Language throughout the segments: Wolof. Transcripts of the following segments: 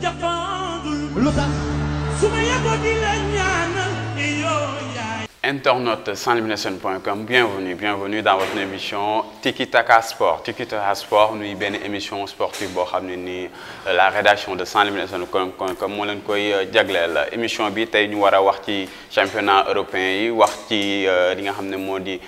jafandul lu tax su ma yeboo di la ñaanal eh, yow yaa Internaute sanslimitesn.com bienvenue bienvenue dans votre émission Tiki Taka Sport Tiki Taka Sport nuy benn émission sportive boo xam ne nii euh, la rédaction de sanslimitesn.com moo leen koy euh, jagleel émission bi tey ñu war a wax ci championnat européen yi wax ci euh, li nga xam ne moo di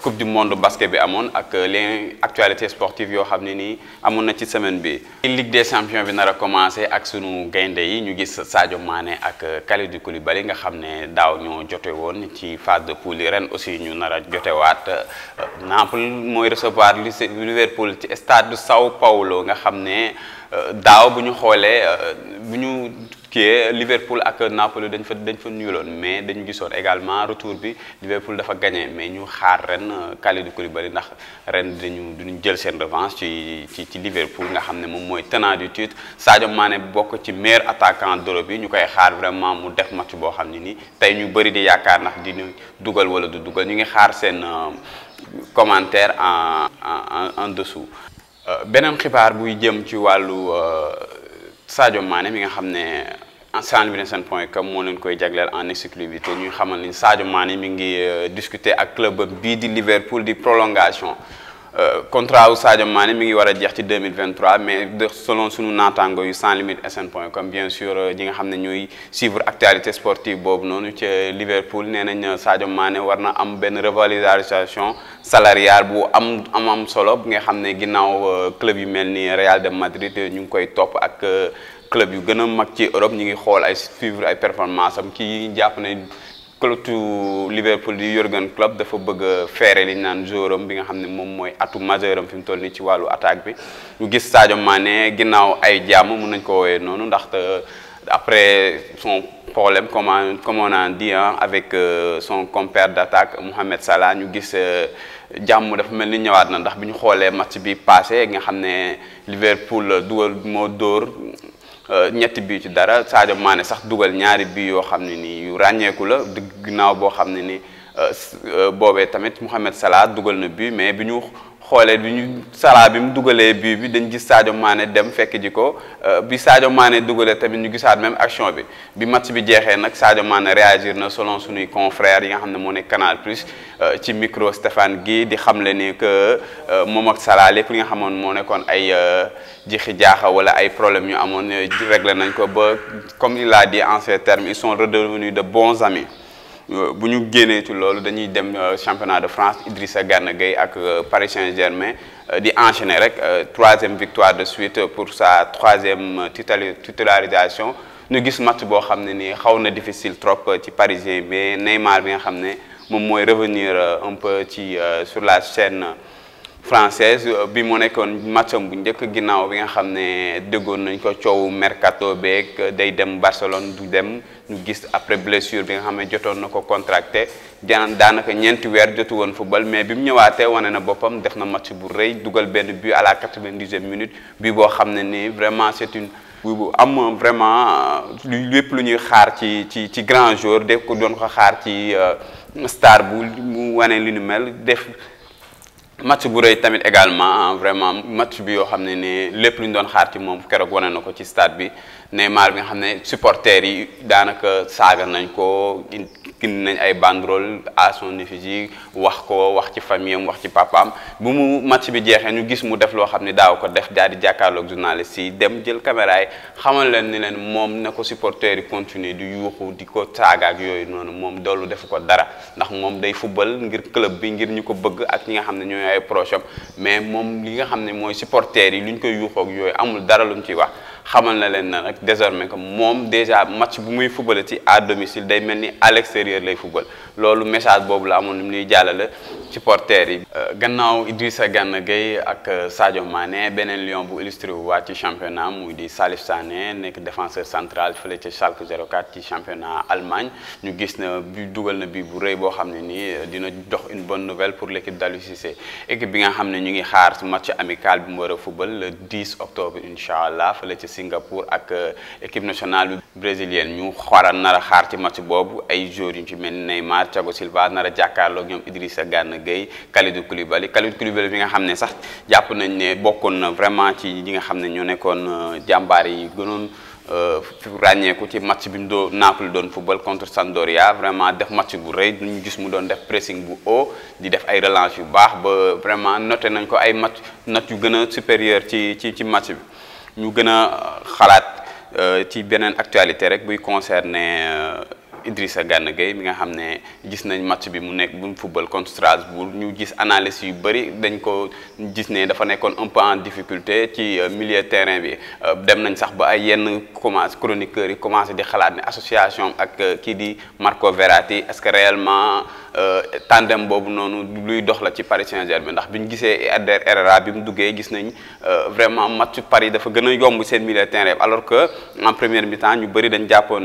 coupe du monde basket bi amoon ak les actualités sportives yoo xam ne nii amoon na ci semaine bi Ligue des champions bi nar a commencé ak sunu gaynde yi ñu gis Sadio Mané ak Kalidou Koulibaly nga xam ne daaw ñoo jote woon phase de poule yi ren aussi ñu nar jote waat Naples mooy recevoir Liverpool ci stade São Paulo nga xam ne euh, daaw bu ñu xoolee euh, bu ñu. kii Liverpool ak Napoli dañ fa dañ fa nuyuloon mais dañu gisoon également retour bi Liverpool dafa gagné mais ñu xaar ren Kalidou Koulibaly ndax ren dañu duñu jël seen revanche ci ci ci Liverpool nga xam ne moom mooy tenant du titre Sadio Mané bokk ci meilleur attaquant d'Europe bi ñu koy xaar vraiment mu def match boo xam ne nii tey ñu bëri di yaakaar ndax dinu dugal wala du dugal ñu ngi xaar seen euh, commentaire en en en dessous. Euh, beneen xibaar buy jëm ci wàllu euh, Sadio Mané mi nga xam ne. sanslivinescent point com moo leen koy jagleel en exclusivité ñu xamal ni Sadio Mané mi ngi euh, discuter ak club bii di Liverpool di prolongation euh, contrat wu Sadio Mané mi ngi war a jeex ci 2023 mais de selon suñu naataango yu sans limite sn point com bien sûr euh, ñi nga xam ne ñuy suivre actualité sportive boobu noonu ci Liverpool nee nañ Sadio Mané war na am benn revalorisation salariale bu am am am solo bi nga xam ne ginnaaw club yu mel ni Real de Madrid ñu ngi koy topp ak club yu gën a mag ci Europe ñu ngi xool ay suivre ay performance am kii jàpp ne club Liverpool di Jurgen Klopp dafa bëgg a feere li ñu naan joueur bi nga xam ne moom mooy atu majeur am fi mu toll nii ci wàllu attaque bi ñu gis Sadio Mané ginnaaw ay jàmm mu nañ ko woowee noonu ndaxte après son problème comme on, comme on a dit hein, avec euh, son compère d'attaque Mohamed Salah ñu gis euh, jàmm dafa mel ni ñëwaat na ndax bi ñu xoolee match bi passé nga xam ne Liverpool dugal moo dóor Euh, ñetti bii ci dara Sadio Mané sax dugal ñaari bii yoo xam ne nii yu ràññeeku la ginnaaw boo xam ne ni euh, euh, boobee tamit Mohamed Salah dugal na bii mais bi ñu xoolee bi ñu Salah bi mu dugalee bii bi dañ gis Sadio Mané dem fekk ji ko euh, bi Sadio Mané dugalee tamit ñu gisaat même action bi bi match bi jeexee nag Sadio Mané réagir na selon suñuy confrères yi nga xam ne moo nekk Canal Plus euh, ci micro Stéphane Guy di xamle ni que euh, moom ak Salah lépp li nga xamoon moo nekkoon ay jixi jaaxa wala ay problème yu amoon réglé nañ ko ba comme il di en ces termes ils sont redevenus de bons amis. bu ñu génnee ci loolu dañuy dem euh, championnat de France Idrissa Gana Gueye ak euh, Paris Saint-Germain euh, di enchaîner rek troisième victoire de suite pour sa troisième titularisation ñu gis match boo xam ne nii xaw na difficile trop ci parisien bi Neymar bi nga xam ne moom mooy revenir un peu ci sur la scène francaise euh, bi mu nekkoon matcham bu njëkk ginnaaw bi nga xam ne dëggoon nañ ko coow mercato beeg euh, day dem Barcelone du dem ñu gis après blessure bi nga xam ne jotoon na ko contracte janaan daanaka ñeenti weer jotu woon football mais bi mu ñëwaatee wane na boppam def na match bu rëy dugal benn but à la quatre-vingt-dixième minute bi boo xam ne nii vraiment c'est une bu am vraiment euh, lu lépp lu ñuy xaar ci ci ci grand jour def ko doon ko xaar ci star bu mu wane li mel def match bu rëy tamit également vraiment match bi yoo xam ne ne lépp lu ñu doon xaar ci moom keroog wane na ko ci stade bi Neymar bi nga xam ne supporters yi daanaka saaga nañ ko indi nañ ay banderole à son effigie wax ko wax ci famille am wax ci papaam bu mu match bi jeexee ñu gis mu def loo xam ne daaw ko def daal di jàkkaarloog journaliste yi dem jël caméra yi xamal leen ni leen moom na ko supporters yi continuer di yuuxu di ko saaga yooyu noonu moom doolu def ko dara ndax moom day football ngir club bi ngir ñu ko bëgg ak ñi nga xam ne ñooy ay proche am mais moom li nga xam ne mooy supporters yi lu ñu koy yuuxoog yooyu amul dara lu ñu ciy wax xamal na leen na nag désormais ko moom déjà match bu muy football ci à domicile day mel ni à l'extérieur lay football loolu message boobu la amoon lu ñuy jàllale ci supporters yi. Euh, gannaaw Idrissa Gana Gueye ak euh, Sadio Mané beneen lion bu illustré wu waat ci championnat muy di Salif Sané nekk défenseur central fële ca Schalke 04 ci championnat Allemagne ñu gis na bi dugal na bi bu rëy boo xam ne nii euh, dina jox une bonne nouvelle pour l'équipe d'Aliou bi nga xam ne ñu ngi xaar match amical bi mu war a octobre incha allah Singapour ak euh, équipe nationale brésilienne ñu xaran nar xaar ci match boobu ay joueurs yu ci mel ni Neymar Thiago Silva nar a jàkkaarloog ñoom Idrissa Gana Gueye Kalidou Koulibaly Kalidou Koulibaly bi nga xam ne sax jàpp nañ ne bokkoon na vraiment ci ñi nga xam ne ñoo nekkoon euh, jàmbaar yi gënoon euh, ràññeeku ci match bi mu doo Napoli doon football contre Sampdoria vraiment def match bu rëy ñu gis mu doon def pressing bu o di def ay relance yu baax ba vraiment noté nañ ko ay match note yu gën a supérieur ci ci ci match bi ñu gën a xalaat euh, ci beneen actualité rek buy concerner euh, Idrissa Gana Gueye bi nga xam ne gis nañ match bi mu nekk buñ mu football contre Strasbourg ñu gis analyse yu bëri dañ ko gis ne dafa nekkoon un peu en difficulté ci euh, millier terrain bi euh, dem nañ sax ba ay yenn commence chroniqueurs yi commencé di xalaat ne association ak euh, kii di Marco Verratti est-ce que réellement tandem boobu noonu luy dox la ci Paris changer bi ndax bi ñu gisee Eder Herrera bi mu duggee gis nañ vraiment match Paris dafa gën a yomb seen milieu terrain alors que mi ñu bëri dañ jàppoon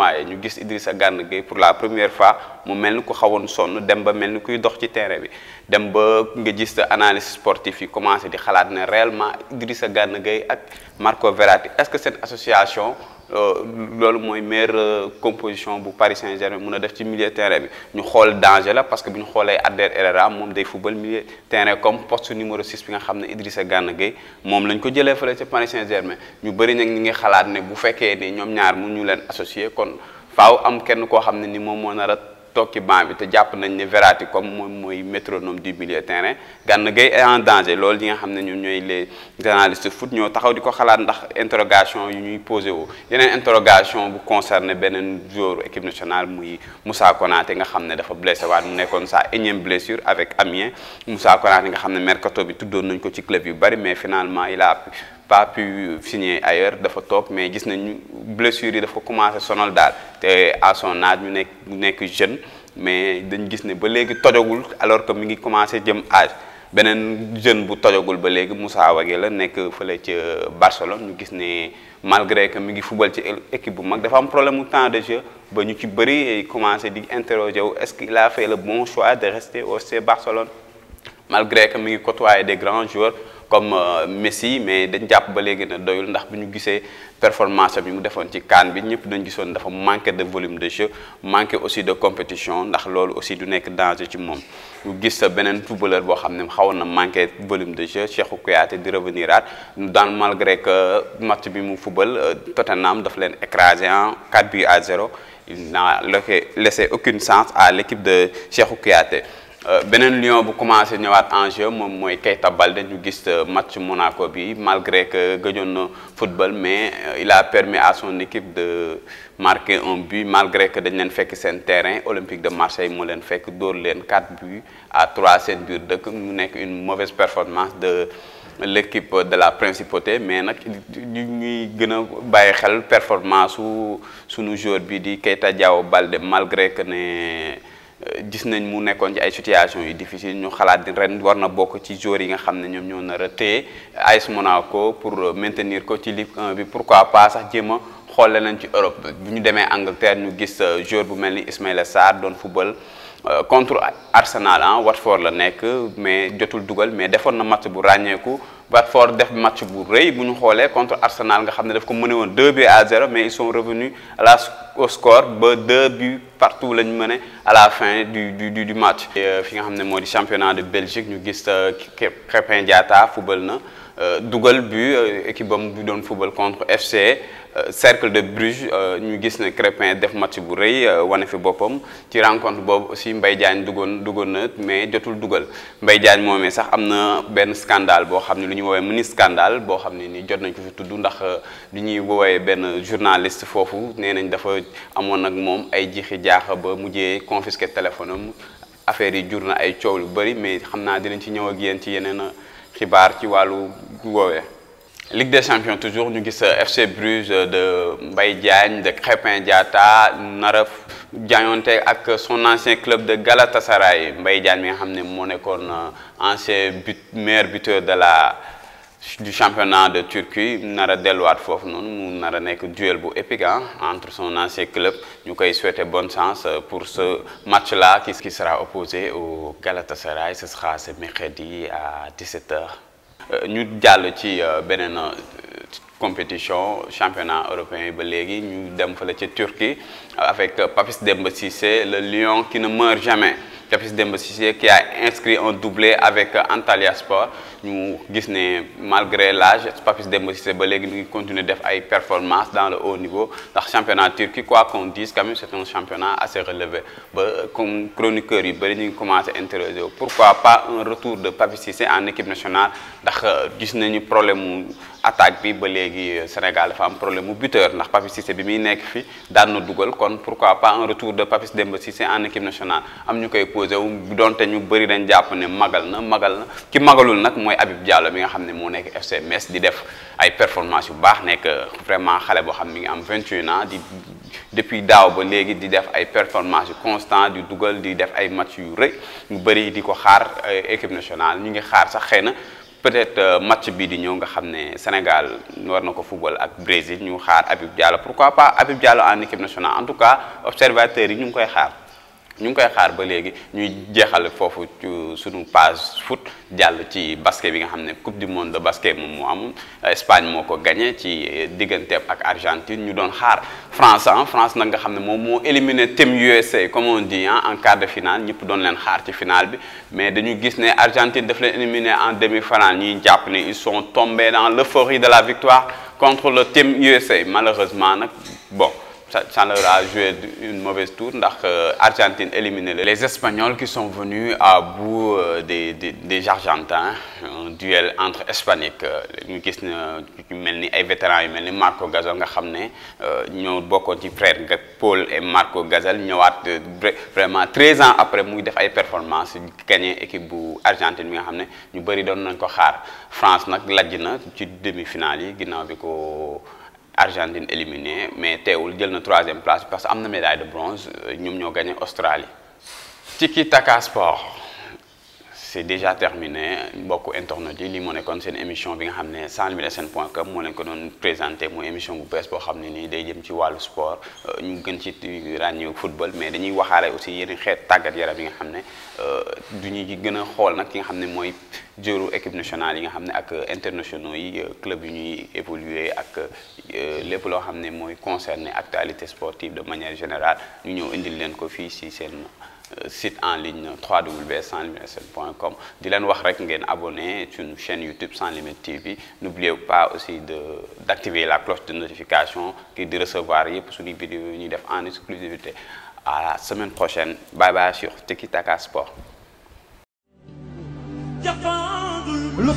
noyé ñu gis Idrissa gànn Gueye pour la première fois mu mel ni ku xawoon sonn dem ba mel ni kuy dox ci terrain bi dem ba nga gis analyse sportif yi commencé di xalaat ne réellement Idrissa gànn Gueye ak Marco Verratti est-ce que seen association Euh, loolu mooy meilleure euh, composition bu Paris Saint-Germain mun a def ci milieu terrain bi ñu xool danger la parce que bu ñu xoolee Ander Herrera moom day football milieu terrain comme poste numéro 6 bi nga xam ne Idrissa Gana Gueye moom lañ ko jëlee fële ca Paris Saint-Germain ñu bëri nag ñi ngi xalaat ne bu fekkee ni ñoom ñaar mun ñu leen associé kon faaw am kenn koo xam ne ni moom moo nara toog ci bi te jàpp nañ ne Verratti comme moom mooy métronome du milieu terrain Gana gay est en danger loolu ñi nga xam ne ñun ñooy les journalistes de foot ñoo taxaw di ko xalaat ndax interrogation yu ñuy posé wu yeneen interrogation bu concerné beneen joueur équipe nationale muy Moussa Konaté nga xam ne dafa blessé waat mu nekkoon sa énième blessure avec Amiens Moussa Konaté nga xam ne mercato bi tuddoon nañ ko ci club yu bari mais finalement il a pas pu signer ailleurs dafa toog mais gis nañu blessure yi dafa commencé sonal daal te asson son âge ñu nekk nekk jeune mais dañ gis ne ba léegi tojogul alors que mi ngi commencé jëm âge beneen jeune bu tojogul ba léegi Moussa Wagué la nekk fële ca Barcelone ñu gis ne malgré que mi ngi fubal ci équipe bu mag dafa am problème mu temps de jeu ba ñu ci bëri commencé di interroger wu est-ce qu'il a fait le bon choix de rester au FC Barcelone malgré que mi ngi côtoyer des grands comme euh, Messi mais dañ jàpp ba léegi ne doyul ndax bu ñu gisee performance bi mu defoon ci kaan bi ñëpp dañu gisoon dafa manqué de volume de jeu manqué aussi de compétition ndax loolu aussi du nekk danger ci moom ñu gis sa beneen footballeur boo xam ne xawoon na manqué volume de jeu Cheikhou Kouyaté di revenir aat daan malgré que match bi mu football euh, Tottenham dafa leen écrasé en 4 buts à 0 il n'a laissé aucune chance à l'équipe de Cheikhou Kouyaté Euh, beneen Lyon bu commencé ñëwaat en jeu moom mooy Keita Balde ñu gis euh, match Monaco bi malgré que gëjoon na football mais euh, il a permis à son équipe de marquer un but malgré que dañ leen fekk seen terrain Olympique de Marseille moo leen fekk dóor leen 4 buts à 3 seen biir dëkk mu nekk une mauvaise performance de l'équipe de la principauté mais nag ñuy gën a bàyyi xel performance su sunu joueur bi di Keita Diao Balde malgré que ne gis nañ mu nekkoon ci ay situation yu difficile ñu xalaat di ren war na bokk ci joueurs yi nga xam ne ñoom ñoo nar a téye AS Monaco pour maintenir ko ci Ligue 1 bi pourquoi pas sax jéem a xool leneen ci Europe bu ñu demee Angleterre ñu gis euh, jour bu mel ni Ismaïla Sarr doon football. Euh, contre Arsenal ah Watford la nekk mais jotul dugal mais defoon na match bu ràññeeku Watford def match bu rëy bu ñu xoolee contre Arsenal nga xam ne daf ko mëne woon 2 buts à 0 mais ils sont revenus à la au score ba 2 buts partout lañ mëne à la fin du du du, du match. Euh, fi nga xam ne moo di championnat de Belgique ñu gis euh, Krépin Diatta fubal na. Euh, dugal bi euh, équipe bam bu doon football contre FC euh, cercle de Bruges ñu gis ne Crépin def match bu rëy wane fi boppam ci rencontre boobu aussi Mbaye Diagne duggoon duggoon na mais jotul dugal Mbaye Diagne moomee sax am na benn scandale boo xam ne lu ñuy woowee mini scandale boo xam ne ni jot nañu ko fi tudd ndax lu ñuy woowee benn journaliste foofu nee nañ dafa amoon ak moom ay jiixi jaaxa ba mujjee confisque téléphone am affaire yi jur na ay coow lu bëri mais xam naa dinañ ci ñëw ak yéen ci yeneen xibaar ci wàllu. woowee Ligue de champions toujours ñu gis euh, FC Bruges euh, de Mbaye Diagne de Crépin Diatta nara jaayoonte ak son ancien club de Galatasaray Mbaye Diagne mi nga xam ne moo nekkoon euh, ancien but meilleur buteur de la du championnat de Turquie nar a delluwaat foofu noonu mu nar nekk duel bu épique entre son ancien club ñu koy souhaiter bonne chance pour ce match là qui sera opposé au Galatasaray ce sera ce mercredi à 17h. ñu jàll ci euh, beneen euh, compétition championnat européen yi ba léegi ñu dem fële ca Turquie avec Papis Demba Cissé le lion qui ne meurt jamais Papis Demba Cissé qui a inscrit un doublé avec euh, Antalya Sport ñu gis ne malgré l'âge Papis Demba Cissé ba léegi mi ngi continuer def ay performances dans le haut niveau ndax championnat turc quoi qu'on dise quand même c'est un championnat assez relevé ba comme chroniqueurs yi bari ñu ngi commencé interroger pourquoi pas un retour de Papis Cissé en équipe nationale ndax euh, gis nañu problème mu attaque bi ba léegi euh, Sénégal dafa am problème buteur ndax Papis Cissé bi muy nekk fi daan dugal kon pourquoi pas un retour de Papis Demba Cissé en équipe imposé wu donte ñu bëri dañ jàpp ne magal na magal na ki magalul nag mooy Habib Diallo mi nga xam ne moo nekk sms di def ay performance yu baax nekk vraiment xale boo xam mi ngi am 21 di depuis daaw ba léegi di def ay performance yu constant di dugal di def ay match yu rëy ñu bëri di ko xaar euh, équipe nationale ñu ngi xaar sax xëy na peut-être euh, match bii di ñëw nga xam ne Sénégal war na ko football ak Brésil ñu xaar Habib Diallo pourquoi pas Habib Diallo en équipe nationale en tout cas observateurs yi ñu ngi koy xaar. ñu ngi koy xaar ba léegi ñuy jeexal foofu sunu suñu page foot jàll ci basket bi nga xam ne coupe du monde de basket moom moo am Espagne moo ko gañee ci digganteem ak Argentine ñu doon xaar France ah France nag nga xam ne moom moo éliminé team USA comme on dit ah, en quart de finale ñëpp doon leen xaar ci finale bi mais dañu gis ne Argentine daf leen éliminé en demi-finale ñuy jàpp ne ils sont tombés dans l'euphorie de la victoire contre le team USA malheureusement nag bon. ça leur a joué une mauvaise tour ndax euh, Argentine éliminé la les Espagnols qui sont venus à bout euh, des des des Argentins un duel entre hispaniques euh, ñu gis na ñu mel ni ay vétérans yu mel ni Marco Gasol nga xam ne ñoo bokkoon ci frère Paul et Marco Gasol ñëwaat vraiment 13 ans après muy def ay performances gagné équipe bu Argentine bi nga xam ne ñu bëri doon nañ ko xaar France nag lajj na ci demi-finale yi ginnaaw bi ko. Argentine éliminée mais teewul jël na troisième place parce que am na médaille de bronze euh, ñoom ñoo gagné Australie. Tiki Taka Sport. c'est déjà terminé mbokk internet yi li moo nekkoon seen émission bi nga xam ne sanslimitesn seen point com moo leen ko doon présenté mooy émission bu bees boo xam ne nii day jëm ci wàllu sport euh, ñu gën ci ràññee football mais dañuy waxaale aussi yeneen xeet tàggat yaram yi nga xam ne euh, du ñu gën a xool nag ki nga xam ne mooy jëru équipe nationale yi nga xam ne ak euh, internationaux yi club yu ñuy évoluer ak lépp loo xam ne mooy concerné actualité sportive de manière générale ñu ñëw leen ko fii si seen site en ligne www sans limite sn point com di leen wax rek ngeen abonné suñu chaîne YouTube sans limite TV n'oubliez pas aussi de d'activer la cloche de notification kii di recevoir yëpp suñuy vidéo yi ñuy def en exclusivité à la semaine prochaine bye bye sur Tiki Taka Sport lu